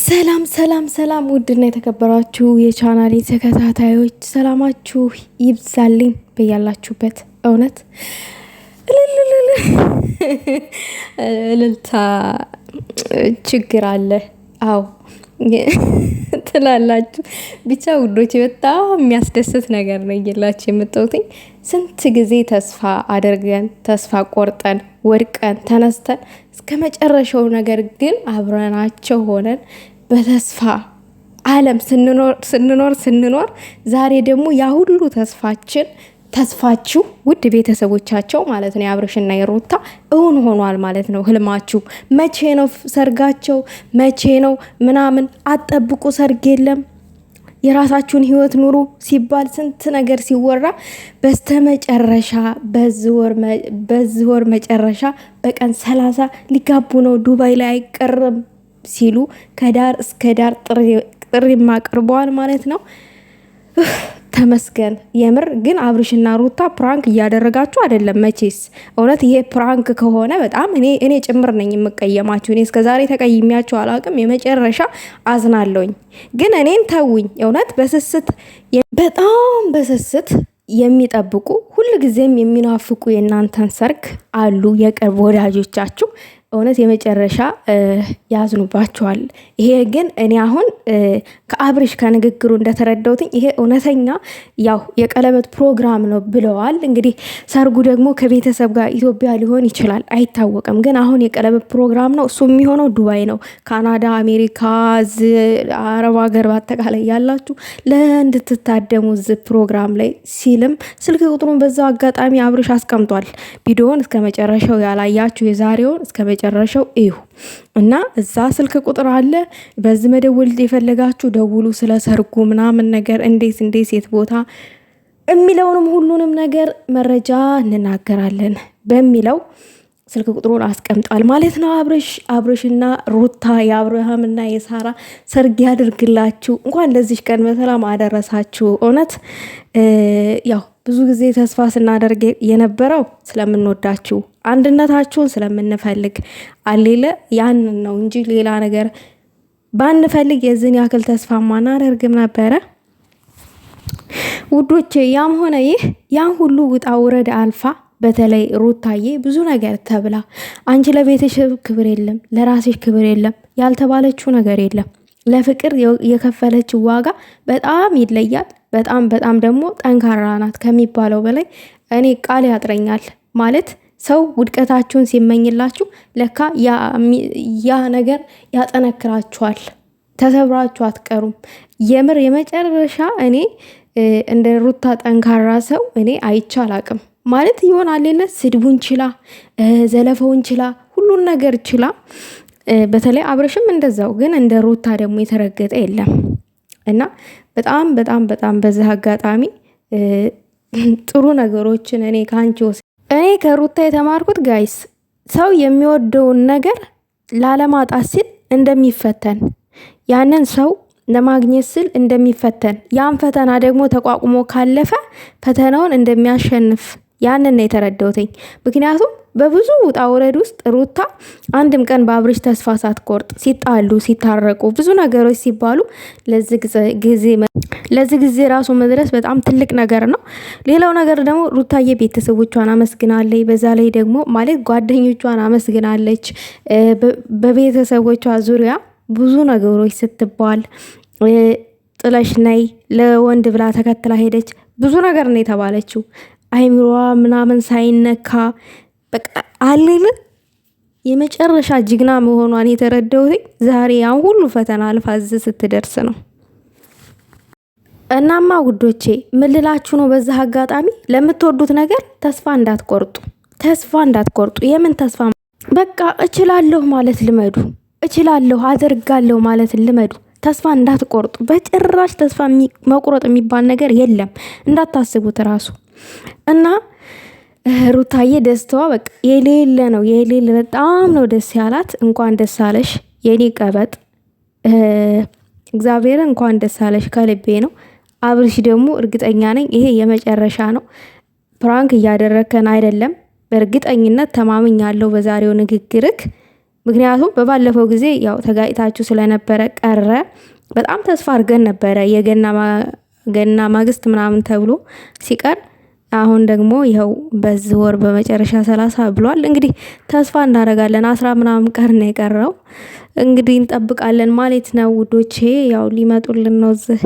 ሰላም ሰላም ሰላም! ውድና የተከበራችሁ የቻናሌ ተከታታዮች ሰላማችሁ ይብዛልኝ በያላችሁበት። እውነት እልልታ ችግር አለ። አዎ ትላላችሁ። ብቻ ውዶች በጣም የሚያስደስት ነገር ነው እየላችሁ የምጠውትኝ። ስንት ጊዜ ተስፋ አድርገን ተስፋ ቆርጠን ወድቀን ተነስተን እስከ መጨረሻው ነገር ግን አብረናቸው ሆነን በተስፋ አለም ስንኖር ስንኖር ዛሬ ደግሞ ያ ሁሉ ተስፋችን ተስፋችሁ ውድ ቤተሰቦቻቸው ማለት ነው የአብርሽና የሩታ እውን ሆኗል ማለት ነው። ህልማችሁ መቼ ነው ሰርጋቸው? መቼ ነው ምናምን አጠብቁ። ሰርግ የለም የራሳችሁን ህይወት ኑሩ ሲባል ስንት ነገር ሲወራ በስተመጨረሻ በዚህ ወር መጨረሻ በቀን ሰላሳ ሊጋቡ ነው ዱባይ ላይ አይቀርም ሲሉ ከዳር እስከ ዳር ጥሪም አቅርበዋል ማለት ነው። ተመስገን የምር ግን አብርሽና ሩታ ፕራንክ እያደረጋችሁ አይደለም። መቼስ እውነት ይሄ ፕራንክ ከሆነ በጣም እኔ እኔ ጭምር ነኝ የምቀየማችሁ። እኔ እስከዛሬ ተቀይሚያችሁ አላቅም። የመጨረሻ አዝናለውኝ። ግን እኔን ተውኝ። እውነት በስስት በጣም በስስት የሚጠብቁ ጊዜም የሚናፍቁ የእናንተን ሰርግ አሉ የቅርብ ወዳጆቻችሁ እውነት የመጨረሻ ያዝኑባቸዋል። ይሄ ግን እኔ አሁን ከአብርሽ ከንግግሩ እንደተረዳውትኝ ይሄ እውነተኛ ያው የቀለበት ፕሮግራም ነው ብለዋል። እንግዲህ ሰርጉ ደግሞ ከቤተሰብ ጋር ኢትዮጵያ ሊሆን ይችላል አይታወቅም። ግን አሁን የቀለበት ፕሮግራም ነው እሱ የሚሆነው ዱባይ ነው። ካናዳ፣ አሜሪካ፣ አረብ ሀገር በአጠቃላይ ያላችሁ ለእንድትታደሙ ዝ ፕሮግራም ላይ ሲልም ስልክ ቁጥሩን በዛው አጋጣሚ አብርሽ አስቀምጧል። ቪዲዮውን እስከ መጨረሻው ያላያችሁ የዛሬውን እስከ የመጨረሻው ይሁ እና እዛ ስልክ ቁጥር አለ። በዚህ መደወል የፈለጋችሁ ደውሉ። ስለ ሰርጉ ምናምን ነገር እንዴት እንዴት የት ቦታ የሚለውንም ሁሉንም ነገር መረጃ እንናገራለን በሚለው ስልክ ቁጥሩን አስቀምጧል ማለት ነው። አብረሽ አብርሽና ሩታ የአብርሃምና የሳራ ሰርግ ያድርግላችሁ። እንኳን ለዚች ቀን በሰላም አደረሳችሁ። እውነት ያው ብዙ ጊዜ ተስፋ ስናደርግ የነበረው ስለምንወዳችሁ አንድነታችሁን ስለምንፈልግ አሌለ ያንን ነው እንጂ ሌላ ነገር ባንፈልግ የዚህን ያክል ተስፋ ማናደርግም ነበረ። ውዶቼ ያም ሆነ ይህ ያን ሁሉ ውጣ ውረድ አልፋ በተለይ ሩታዬ ብዙ ነገር ተብላ አንቺ ለቤትሽ ክብር የለም፣ ለራሴ ክብር የለም ያልተባለችው ነገር የለም። ለፍቅር የከፈለችው ዋጋ በጣም ይለያል። በጣም በጣም ደግሞ ጠንካራ ናት ከሚባለው በላይ እኔ ቃል ያጥረኛል ማለት ሰው ውድቀታችሁን ሲመኝላችሁ ለካ ያ ነገር ያጠነክራችኋል። ተሰብራችሁ አትቀሩም። የምር የመጨረሻ እኔ እንደ ሩታ ጠንካራ ሰው እኔ አይቼ አላቅም። ማለት ይሆን አሌለ ስድቡን ችላ፣ ዘለፈውን ችላ፣ ሁሉን ነገር ችላ። በተለይ አብረሽም እንደዛው። ግን እንደ ሩታ ደግሞ የተረገጠ የለም። እና በጣም በጣም በጣም በዚህ አጋጣሚ ጥሩ ነገሮችን እኔ ከአንቺ ወስ እኔ ከሩታ የተማርኩት ጋይስ ሰው የሚወደውን ነገር ላለማጣት ሲል እንደሚፈተን ያንን ሰው ለማግኘት ስል እንደሚፈተን ያን ፈተና ደግሞ ተቋቁሞ ካለፈ ፈተናውን እንደሚያሸንፍ ያንን ነው የተረዳውትኝ። ምክንያቱም በብዙ ውጣ ውረድ ውስጥ ሩታ አንድም ቀን በአብርሽ ተስፋ ሳትቆርጥ ሲጣሉ፣ ሲታረቁ፣ ብዙ ነገሮች ሲባሉ ለዚህ ጊዜ ራሱ መድረስ በጣም ትልቅ ነገር ነው። ሌላው ነገር ደግሞ ሩታዬ ቤተሰቦቿን አመስግናለች። በዛ ላይ ደግሞ ማለት ጓደኞቿን አመስግናለች። በቤተሰቦቿ ዙሪያ ብዙ ነገሮች ስትባል ጥለሽ ነይ ለወንድ ብላ ተከትላ ሄደች። ብዙ ነገር ነው የተባለችው። አይምሮዋ ምናምን ሳይነካ በቃ አለለ የመጨረሻ ጅግና መሆኗን የተረዳሁት ዛሬ ያን ሁሉ ፈተና አልፋ እዚህ ስትደርስ ነው። እናማ ውዶቼ ምልላችሁ ነው፣ በዚህ አጋጣሚ ለምትወዱት ነገር ተስፋ እንዳትቆርጡ፣ ተስፋ እንዳትቆርጡ። የምን ተስፋ በቃ እችላለሁ ማለት ልመዱ፣ እችላለሁ አደርጋለሁ ማለት ልመዱ። ተስፋ እንዳትቆርጡ በጭራሽ። ተስፋ መቁረጥ የሚባል ነገር የለም እንዳታስቡት ራሱ እና ሩታዬ ደስታዋ በቃ የሌለ ነው የሌለ በጣም ነው ደስ ያላት። እንኳን ደስ አለሽ የኔ ቀበጥ፣ እግዚአብሔር እንኳን ደስ አለሽ ከልቤ ነው። አብርሽ ደግሞ እርግጠኛ ነኝ ይሄ የመጨረሻ ነው። ፕራንክ እያደረከን አይደለም፣ በእርግጠኝነት ተማምኛለሁ በዛሬው ንግግርክ። ምክንያቱም በባለፈው ጊዜ ያው ተጋጭታችሁ ስለነበረ ቀረ። በጣም ተስፋ አድርገን ነበረ የገና ገና ማግስት ምናምን ተብሎ ሲቀር አሁን ደግሞ ይኸው በዚህ ወር በመጨረሻ ሰላሳ ብሏል። እንግዲህ ተስፋ እናደርጋለን አስራ ምናምን ቀር ነው የቀረው። እንግዲህ እንጠብቃለን ማለት ነው ውዶቼ። ያው ሊመጡልን ነው እዚህ